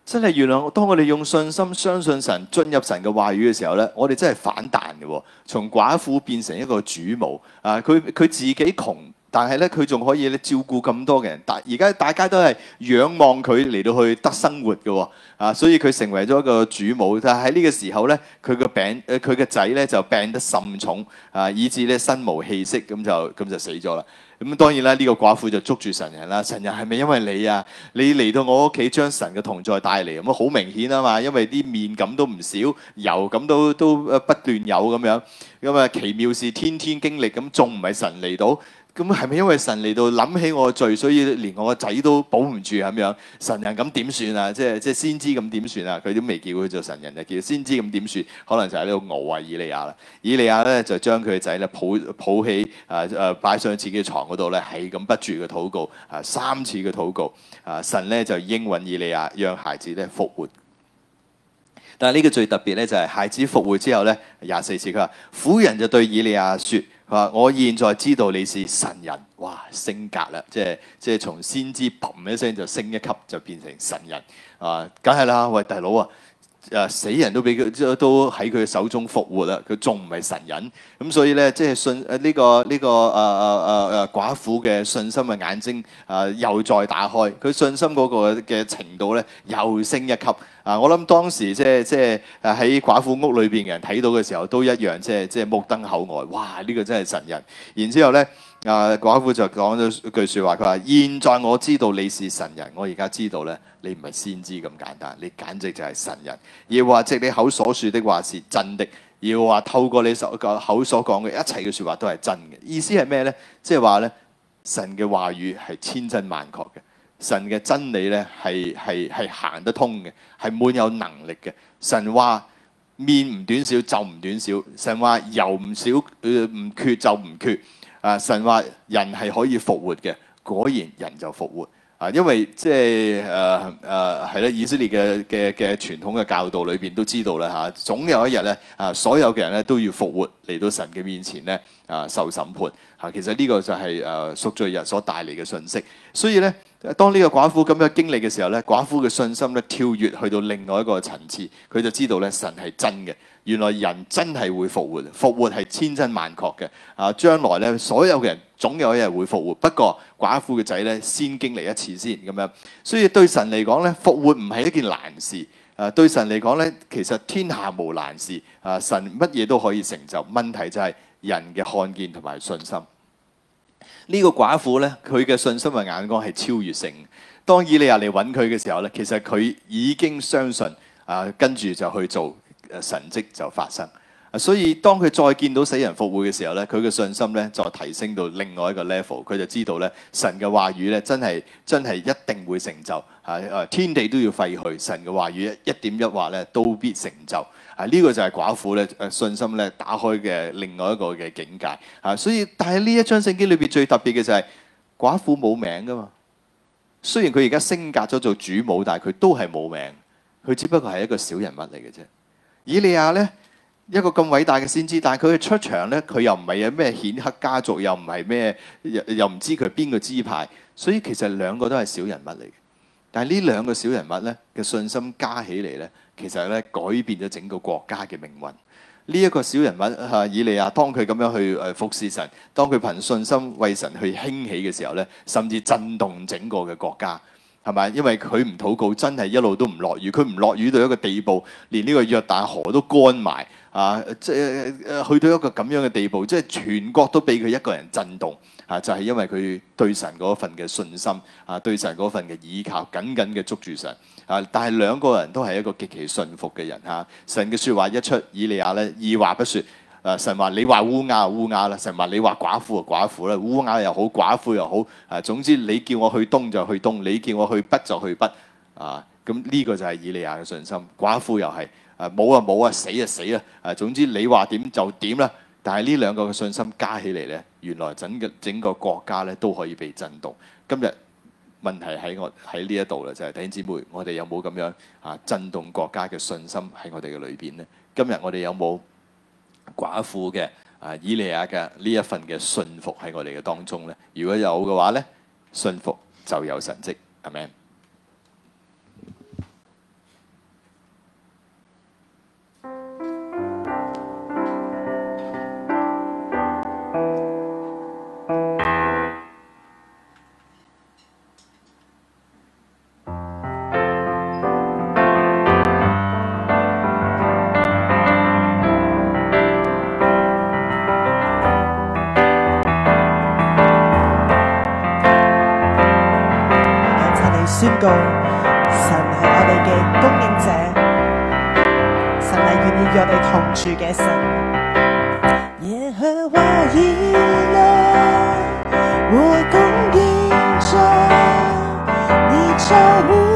真係原來，當我哋用信心相信神，進入神嘅話語嘅時候呢，我哋真係反彈嘅，從寡婦變成一個主母。啊，佢佢自己窮。但係咧，佢仲可以咧照顧咁多嘅人，但而家大家都係仰望佢嚟到去得生活嘅喎，啊，所以佢成為咗一個主母。但係喺呢個時候咧，佢個病，佢嘅仔咧就病得甚重，啊，以致咧身無氣息，咁就咁就死咗啦。咁當然啦，呢、呢個寡婦就捉住神人啦。神人係咪因為你啊？你嚟到我屋企將神嘅同在帶嚟，咁好明顯啊嘛。因為啲麵咁都唔少，油咁都都不斷有咁樣，咁啊奇妙事天天經歷，咁仲唔係神嚟到？咁係咪因為神嚟到諗起我嘅罪，所以連我個仔都保唔住咁樣？神人咁點算啊？即係即係先知咁點算啊？佢都未叫佢做神人，就叫先知咁點算？可能就係呢個呃，以利亞啦。以利亞咧就將佢嘅仔咧抱抱起，啊啊擺上自己牀嗰度咧，喺咁不住嘅禱告，啊、呃、三次嘅禱告，啊、呃、神咧就應允以利亞，讓孩子咧復活。但係呢個最特別咧，就係孩子復活之後咧，廿四次佢話，婦人就對以利亞説：佢話我現在知道你是神人，哇，升格啦，即係即係從先知砰一聲就升一級就變成神人，啊，梗係啦，喂大佬啊！誒死人都俾佢，即都喺佢手中復活啦！佢仲唔係神人？咁所以咧，即係信誒呢個呢個誒誒誒誒寡婦嘅信心嘅眼睛誒又再打開，佢信心嗰個嘅程度咧又升一級啊！我諗當時即係即係喺寡婦屋裏邊嘅人睇到嘅時候都一樣，即係，即係即係目瞪口呆！哇！呢個真係神人！然之後咧。啊，寡婦、呃、就講咗句説話，佢話：現在我知道你是神人，我而家知道咧，你唔係先知咁簡單，你簡直就係神人。要話即你口所説的話是真的，要話透過你手個口所講嘅一切嘅説話都係真嘅。意思係咩呢？即係話呢，神嘅話語係千真萬確嘅，神嘅真理呢係係係行得通嘅，係滿有能力嘅。神話麵唔短少就唔短少，神話油唔少唔缺就唔缺。啊！神話人係可以復活嘅，果然人就復活啊！因為即係誒誒係啦，以色列嘅嘅嘅傳統嘅教導裏邊都知道啦嚇、啊，總有一日咧啊，所有嘅人咧都要復活嚟到神嘅面前咧啊受審判嚇、啊。其實呢個就係誒贖罪日所帶嚟嘅信息，所以咧。當呢個寡婦咁樣經歷嘅時候咧，寡婦嘅信心咧跳躍去到另外一個層次，佢就知道咧神係真嘅，原來人真係會復活，復活係千真萬確嘅。啊，將來咧所有嘅人總有一日會復活，不過寡婦嘅仔咧先經歷一次先咁樣。所以對神嚟講咧，復活唔係一件難事。啊，對神嚟講咧，其實天下無難事。啊，神乜嘢都可以成就。問題就係人嘅看見同埋信心。呢個寡婦呢，佢嘅信心同眼光係超越性。當以利亞嚟揾佢嘅時候呢，其實佢已經相信啊，跟住就去做神跡就發生，啊，所以當佢再見到死人復活嘅時候呢，佢嘅信心呢就提升到另外一個 level。佢就知道呢，神嘅話語呢真係真係一定會成就啊！天地都要廢去，神嘅話語一點一畫呢都必成就。啊！呢個就係寡婦咧，誒信心咧打開嘅另外一個嘅境界嚇。所以，但係呢一張聖經裏邊最特別嘅就係寡婦冇名噶嘛。雖然佢而家升格咗做主母，但係佢都係冇名，佢只不過係一個小人物嚟嘅啫。以利亞呢，一個咁偉大嘅先知，但係佢嘅出場呢，佢又唔係有咩顯赫家族，又唔係咩，又又唔知佢邊個支派。所以其實兩個都係小人物嚟嘅。但係呢兩個小人物呢，嘅信心加起嚟呢。其實咧改變咗整個國家嘅命運。呢、這、一個小人物哈、啊、以利亞，當佢咁樣去誒、呃、服侍神，當佢憑信心為神去興起嘅時候咧，甚至震動整個嘅國家，係咪？因為佢唔禱告，真係一路都唔落雨。佢唔落雨到一個地步，連呢個約旦河都乾埋啊！即去到一個咁樣嘅地步，即係全國都俾佢一個人震動啊！就係、是、因為佢對神嗰份嘅信心啊，對神嗰份嘅倚靠，緊緊嘅捉住神。啊！但係兩個人都係一個極其信服嘅人嚇、啊。神嘅説話一出，以利亞咧二話不説，誒神話你話烏鴉烏鴉啦，神話你神話你話寡婦啊寡婦啦，烏鴉又好，寡婦又好，誒、啊、總之你叫我去東就去東，你叫我去北就去北，啊咁呢、嗯這個就係以利亞嘅信心。寡婦又係誒冇啊冇啊，啊死啊死啊，誒總之你話點就點啦。但係呢兩個嘅信心加起嚟咧，原來整個整個國家咧都可以被震動。今日。問題喺我喺呢一度咧，就係弟兄姊妹，我哋有冇咁樣啊震動國家嘅信心喺我哋嘅裏邊咧？今日我哋有冇寡婦嘅啊以利亞嘅呢一份嘅信服喺我哋嘅當中咧？如果有嘅話咧，信服就有神蹟，係咪？我感應着你腳步。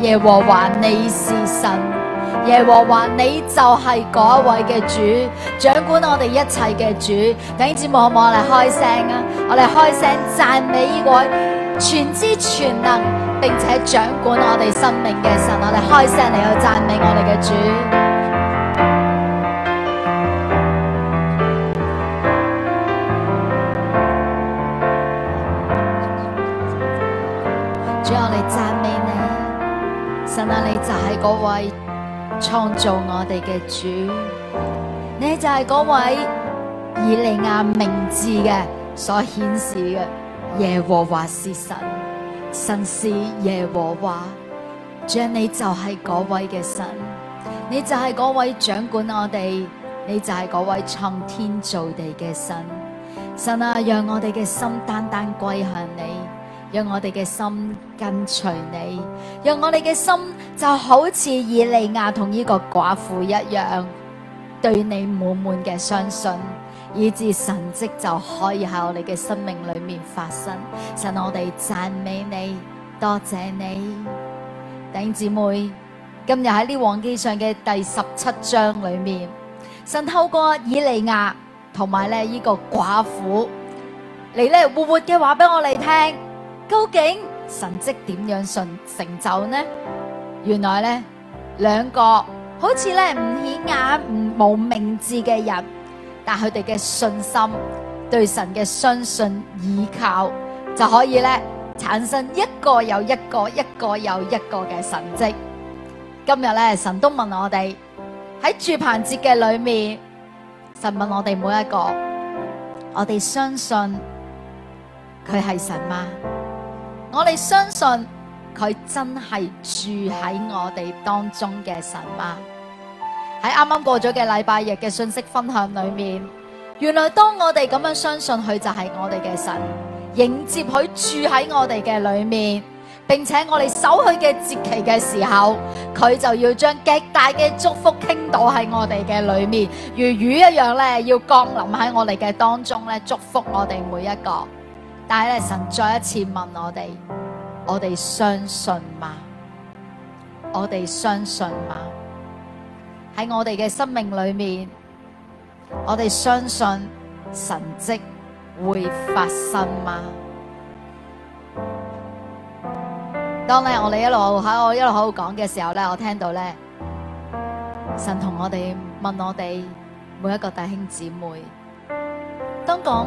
耶和華你是神，耶和華你就係嗰一位嘅主，掌管我哋一切嘅主。弟兄姊妹，可唔可以嚟開聲啊？我哋開聲讚美依位全知全能，並且掌管我哋生命嘅神。我哋開聲嚟去讚美我哋嘅主。那、啊、你就係嗰位創造我哋嘅主，你就係嗰位以利亞名字嘅所顯示嘅耶和華是神，神是耶和華，主，你就係嗰位嘅神，你就係嗰位掌管我哋，你就係嗰位創天造地嘅神，神啊，讓我哋嘅心單單歸向你。讓我哋嘅心跟隨你，讓我哋嘅心就好似以利亞同呢個寡婦一樣，對你滿滿嘅相信，以至神蹟就可以喺我哋嘅生命裏面發生。神，我哋讚美你，多謝你。弟兄姊妹，今日喺列王紀上嘅第十七章裏面，神透過以利亞同埋咧呢個寡婦，嚟咧活活嘅話俾我哋聽。究竟神蹟點樣成成就呢？原來咧，兩個好似咧唔顯眼、唔冇名字嘅人，但佢哋嘅信心對神嘅相信，信依靠，就可以咧產生一個又一個、一個又一個嘅神蹟。今日咧，神都問我哋喺住棚節嘅裏面，神問我哋每一個，我哋相信佢係神嗎？我哋相信佢真係住喺我哋當中嘅神嗎、啊？喺啱啱過咗嘅禮拜日嘅信息分享裏面，原來當我哋咁樣相信佢就係我哋嘅神，迎接佢住喺我哋嘅裏面，並且我哋守佢嘅節期嘅時候，佢就要將極大嘅祝福傾倒喺我哋嘅裏面，如雨一樣咧，要降臨喺我哋嘅當中咧，祝福我哋每一個。但係咧，神再一次問我哋：我哋相信嗎？我哋相信嗎？喺我哋嘅生命裏面，我哋相信神蹟會發生嗎？當咧我哋一路喺我一路好好講嘅時候咧，我聽到咧神同我哋問我哋每一個弟兄姊妹：當講。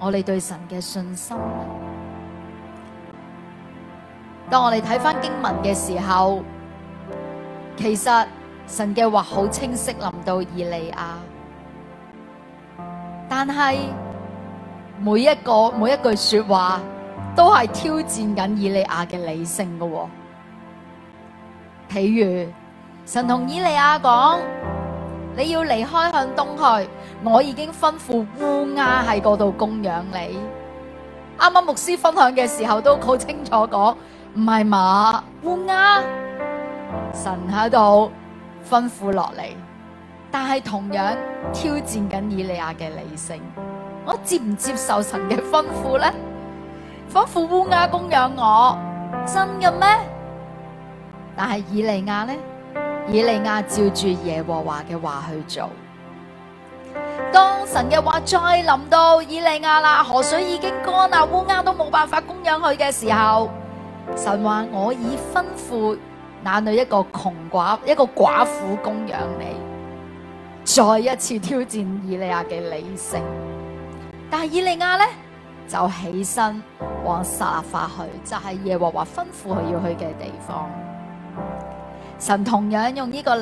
我哋對神嘅信心。當我哋睇翻經文嘅時候，其實神嘅話好清晰，臨到以利亞，但係每一個每一句說話都係挑戰緊以利亞嘅理性嘅哦。譬如神同以利亞講，你要離開向東去。我已經吩咐烏鴉喺嗰度供養你。啱啱牧師分享嘅時候都好清楚講，唔係嘛，烏鴉，神喺度吩咐落嚟，但係同樣挑戰緊以利亞嘅理性。我接唔接受神嘅吩咐咧？吩咐烏鴉供養我，真嘅咩？但係以利亞咧，以利亞照住耶和華嘅話去做。當神嘅話再臨到以利亞啦，河水已經乾啦，烏鴉都冇辦法供養佢嘅時候，神話，我已吩咐那裏一個窮寡一個寡婦供養你，再一次挑戰以利亞嘅理性，但係以利亞咧就起身往撒勒法去，就係、是、耶和華吩咐佢要去嘅地方。神同樣用呢個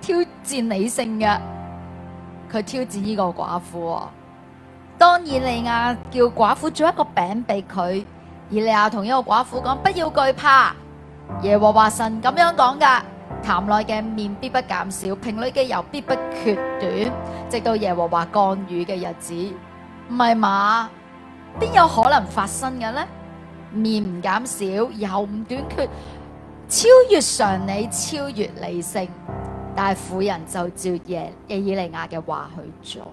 挑戰理性嘅。佢挑戰呢個寡婦，當以利亞叫寡婦做一個餅俾佢，以利亞同一個寡婦講：不要懼怕，耶和華神咁樣講噶。壇內嘅麵必不減少，瓶裏嘅油必不缺短，直到耶和華降雨嘅日子，唔係嘛？邊有可能發生嘅呢？麵唔減少，又唔短缺，超越常理，超越理性。但係婦人就照耶耶以利亞嘅話去做。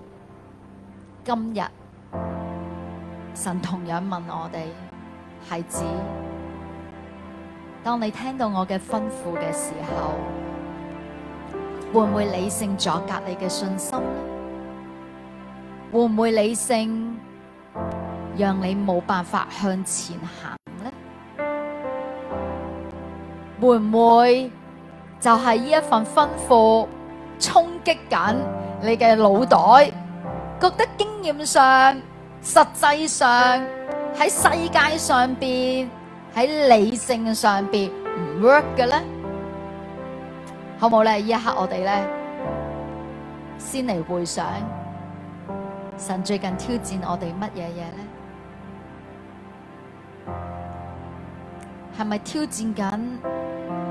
今日神同樣問我哋：孩子，當你聽到我嘅吩咐嘅時候，會唔會理性阻隔你嘅信心呢？會唔會理性讓你冇辦法向前行呢？會唔會？就係呢一份吩咐衝擊緊你嘅腦袋，覺得經驗上、實際上喺世界上邊、喺理性上邊唔 work 嘅咧，好唔好咧？呢一刻我哋咧先嚟，回想，神最近挑戰我哋乜嘢嘢咧？係咪挑戰緊？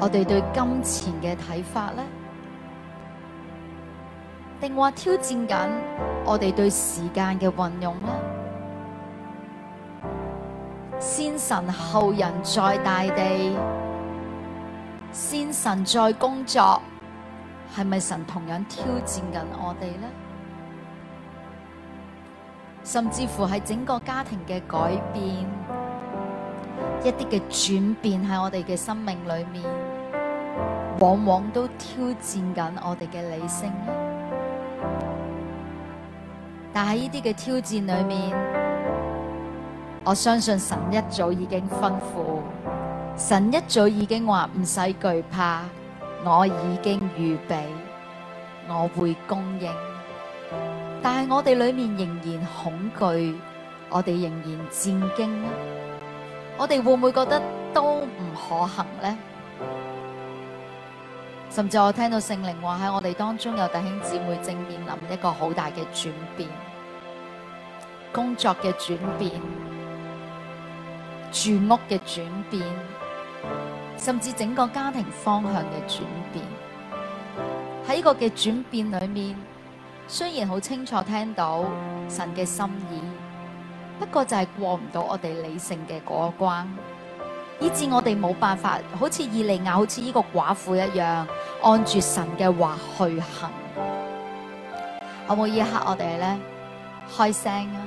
我哋對金錢嘅睇法咧，定話挑戰緊我哋對時間嘅運用呢？先神後人，在大地，先神在工作，係咪神同樣挑戰緊我哋呢？甚至乎係整個家庭嘅改變，一啲嘅轉變喺我哋嘅生命裏面。往往都挑戰緊我哋嘅理性，但係呢啲嘅挑戰裡面，我相信神一早已經吩咐，神一早已經話唔使懼怕，我已經預備，我會供應。但係我哋裡面仍然恐懼，我哋仍然戰驚，我哋會唔會覺得都唔可行呢？甚至我聽到聖靈話喺我哋當中有弟兄姊妹正面臨一個好大嘅轉變，工作嘅轉變、住屋嘅轉變，甚至整個家庭方向嘅轉變。喺呢個嘅轉變裡面，雖然好清楚聽到神嘅心意，不過就係過唔到我哋理性嘅嗰個關。以致我哋冇辦法，好似以利亞，好似呢個寡婦一樣，按住神嘅話去行。有冇一刻我呢，我哋咧開聲啊！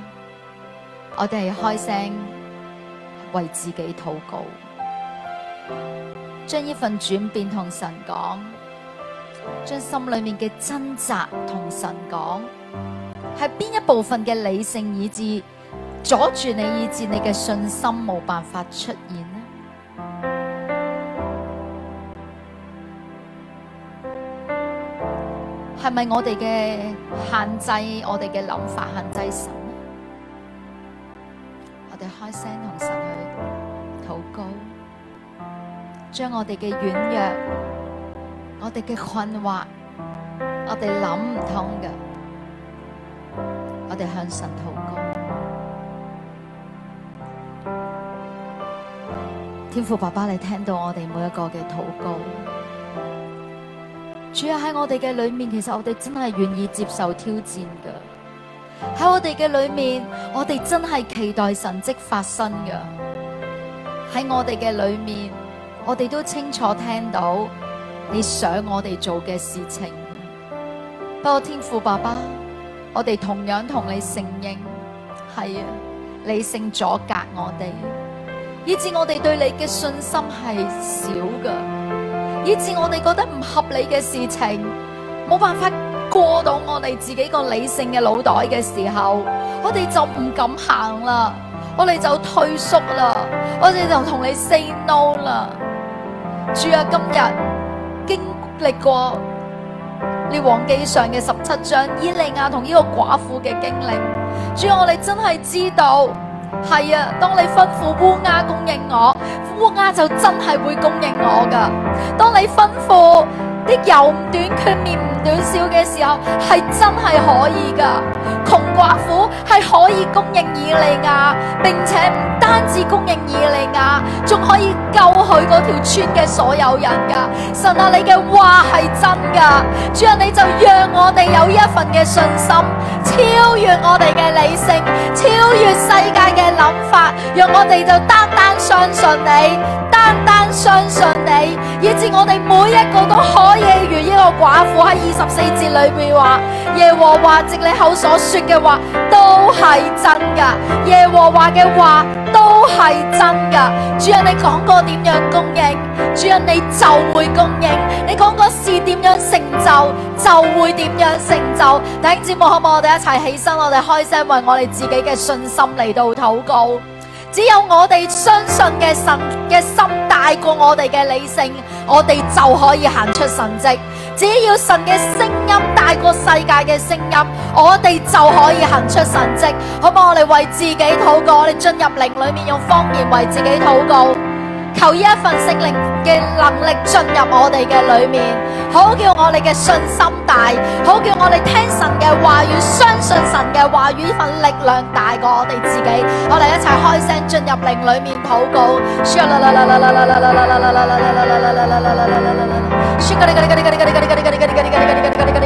我哋開聲為自己禱告，將呢份轉變同神講，將心裏面嘅掙扎同神講，係邊一部分嘅理性以致阻住你，以致你嘅信心冇辦法出現？係咪我哋嘅限制？我哋嘅諗法限制神？我哋開聲同神去禱告，將我哋嘅軟弱、我哋嘅困惑、我哋諗唔通嘅，我哋向神禱告。天父爸爸，你聽到我哋每一個嘅禱告。主要喺我哋嘅裏面，其實我哋真係願意接受挑戰噶。喺我哋嘅裏面，我哋真係期待神蹟發生噶。喺我哋嘅裏面，我哋都清楚聽到你想我哋做嘅事情。不過天父爸爸，我哋同樣同你承認，係啊，理性阻隔我哋，以致我哋對你嘅信心係少噶。以致我哋覺得唔合理嘅事情，冇辦法過到我哋自己個理性嘅腦袋嘅時候，我哋就唔敢行啦，我哋就退縮啦，我哋就同你 say no 啦。主啊，今日經歷過列王記上嘅十七章，以利亞同呢個寡婦嘅經歷，主啊，我哋真係知道。係啊，當你吩咐烏鴉供應我，烏鴉就真係會供應我噶。當你吩咐啲油唔短缺，麵唔短缺嘅時候，係真係可以噶。窮寡婦係可以供應以利亞，並且唔單止供應以利亞，仲可以。救佢嗰條村嘅所有人噶，神啊，你嘅話係真噶，主人你就讓我哋有一份嘅信心，超越我哋嘅理性，超越世界嘅諗法，讓我哋就單單相信你，單單相信你，以致我哋每一個都可以如呢個寡婦喺二十四節裏邊話，耶和華藉你口所說嘅話都係真噶，耶和華嘅話，話都係真噶，主人你講過。點樣供應，主人你就會供應。你講個事點樣成就，就會點樣成就。弟兄姊妹，好唔好我哋一齊起身，我哋開聲為我哋自己嘅信心嚟到禱告。只有我哋相信嘅神嘅心大過我哋嘅理性，我哋就可以行出神跡。只要神嘅聲音大過世界嘅聲音，我哋就可以行出神跡。好唔好我哋為自己禱告？我哋進入靈裏面用方言為自己禱告。求依一份聖靈嘅能力進入我哋嘅裏面，好叫我哋嘅信心大，好叫我哋聽神嘅話語，相信神嘅話語，呢份力量大過我哋自己。我哋一齊開聲進入靈裏面禱告，說，嚟嚟嚟嚟嚟嚟嚟嚟嚟嚟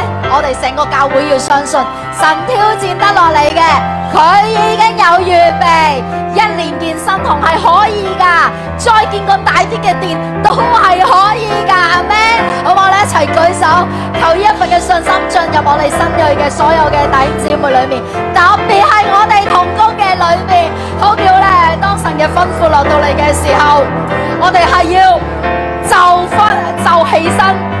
我哋成個教會要相信神挑戰得落嚟嘅，佢已經有預備，一年建新堂係可以噶，再建咁大啲嘅殿都係可以噶，阿媽、啊，好唔好？一齊舉手，求一份嘅信心進入我哋新內嘅所有嘅弟兄姊妹裏面，特別係我哋同工嘅裏面，好叫咧，當神嘅吩咐落到嚟嘅時候，我哋係要就翻就起身。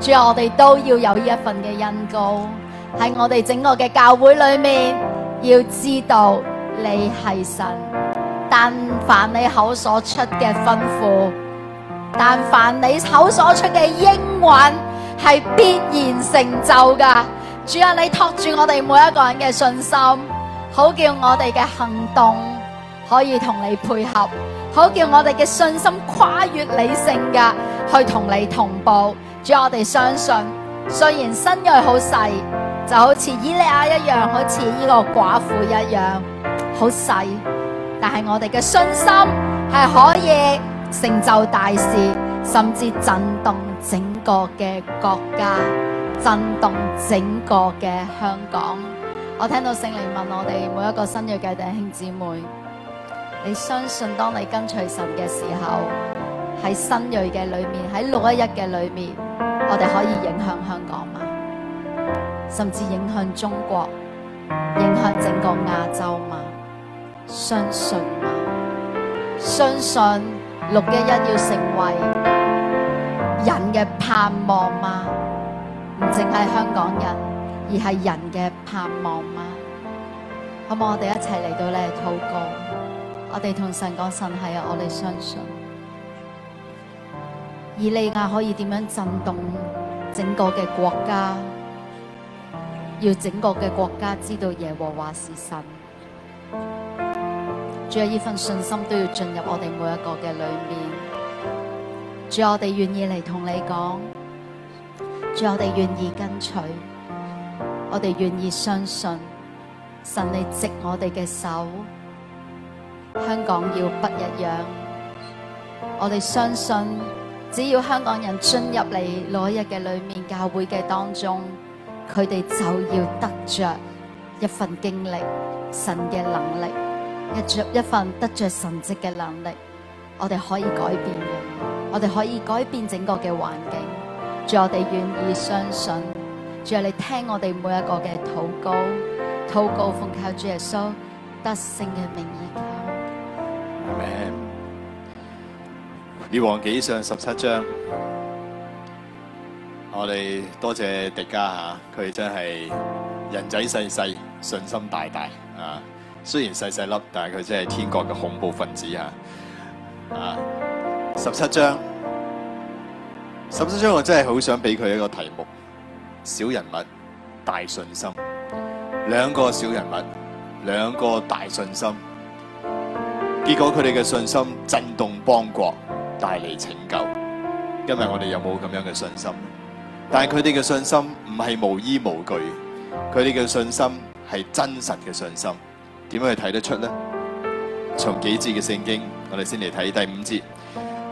主啊，我哋都要有呢一份嘅恩膏喺我哋整個嘅教會裏面，要知道你係神，但凡你口所出嘅吩咐，但凡你口所出嘅應允，係必然成就噶。主啊，你托住我哋每一個人嘅信心，好叫我哋嘅行動可以同你配合，好叫我哋嘅信心跨越理性噶，去同你同步。主，我哋相信，雖然新弱好細，就好似以利亞一樣，好似呢個寡婦一樣好細，但係我哋嘅信心係可以成就大事，甚至震動整個嘅國家，震動整個嘅香港。我聽到聖靈問我哋每一個新弱嘅弟兄姊妹，你相信當你跟隨神嘅時候？喺新銳嘅裏面，喺六一一嘅裏面，我哋可以影響香港嘛？甚至影響中國，影響整個亞洲嘛？相信嘛？相信六一一要成為人嘅盼望嘛？唔淨係香港人，而係人嘅盼望嘛？好唔好？我哋一齊嚟到嚟禱告，我哋同神講：神係啊，我哋相信。以利亞可以點樣震動整個嘅國家？要整個嘅國家知道耶和華是神。仲有呢份信心都要進入我哋每一個嘅裏面。只要我哋願意嚟同你講，只要我哋願意跟隨，我哋願意相信神，你藉我哋嘅手，香港要不一樣。我哋相信。只要香港人進入嚟嗰日嘅裏面教會嘅當中，佢哋就要得着一份經歷神嘅能力，一著一份得着神蹟嘅能力，我哋可以改變嘅，我哋可以改變整個嘅環境。主，我哋願意相信。主啊，你聽我哋每一個嘅禱告，禱告奉靠主耶穌得勝嘅名而求。阿門。列王紀上十七章，我哋多謝迪加吓，佢真係人仔細細，信心大大啊！雖然細細粒，但係佢真係天國嘅恐怖分子啊！啊，十七章，十七章我真係好想俾佢一個題目：小人物大信心，兩個小人物，兩個大信心，結果佢哋嘅信心震動邦國，帶嚟拯救，今日我哋有冇咁樣嘅信心？但係佢哋嘅信心唔係無依無據，佢哋嘅信心係真實嘅信心。點樣去睇得出呢？從幾節嘅聖經，我哋先嚟睇第五節。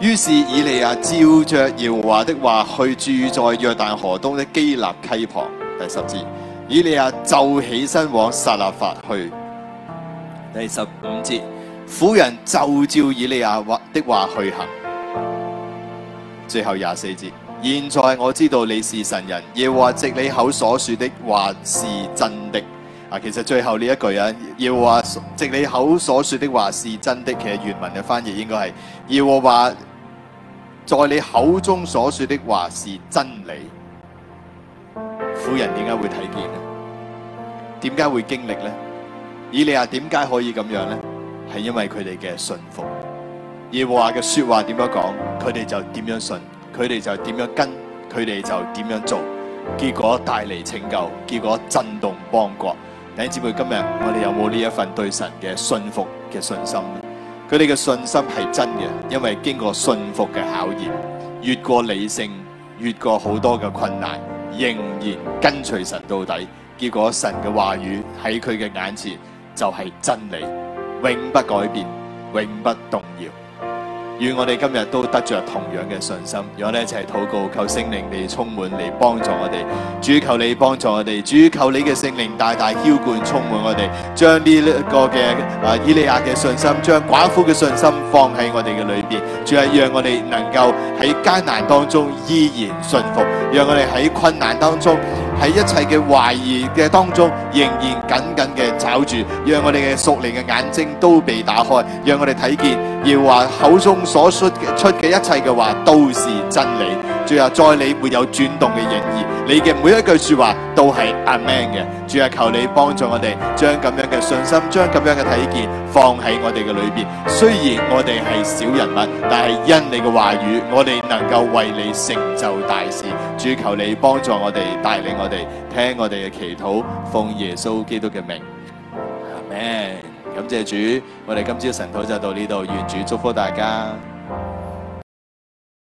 於是以利亞照着耶和華的話去住在約旦河東的基拿溪旁。第十節，以利亞就起身往撒勒法去。第十五節，婦人就照以利亞話的話去行。最後廿四節，現在我知道你是神人，耶和華藉你口所說的話是真的。啊，其實最後呢一句啊，耶和華藉你口所說的話是真的，其實原文嘅翻譯應該係，耶和華在你口中所說的話是真理。婦人點解會睇見咧？點解會經歷呢？以利亞點解可以咁樣呢？係因為佢哋嘅信服。耶和華嘅說話點樣講，佢哋就點樣信，佢哋就點樣跟，佢哋就點樣做，結果帶嚟拯救，結果震動邦國。弟兄姊妹，今日我哋有冇呢一份對神嘅信服嘅信心？佢哋嘅信心係真嘅，因為經過信服嘅考驗，越過理性，越過好多嘅困難，仍然跟隨神到底。結果神嘅話語喺佢嘅眼前就係真理，永不改變，永不動搖。願我哋今日都得着同樣嘅信心，我哋一齊禱告，求聖靈你充滿嚟幫助我哋。主，求你幫助我哋。主，求你嘅聖靈大大澆灌充滿我哋，將呢一個嘅啊，以利亞嘅信心，將寡婦嘅信心放喺我哋嘅裏邊。主啊，讓我哋能夠喺艱難當中依然信服，讓我哋喺困難當中，喺一切嘅懷疑嘅當中，仍然緊緊嘅抓住，讓我哋嘅屬靈嘅眼睛都被打開，讓我哋睇見，耶和華口中所説出嘅一切嘅話都是真理。最後，在你沒有轉動嘅影兒，你嘅每一句說話都係阿門嘅。主啊，求你幫助我哋，將咁樣嘅信心，將咁樣嘅體驗放喺我哋嘅裏面。雖然我哋係小人物，但係因你嘅話語，我哋能夠為你成就大事。主求你幫助我哋，帶領我哋聽我哋嘅祈禱，奉耶穌基督嘅名。阿門。感謝主，我哋今朝晨禱就到呢度，願主祝福大家。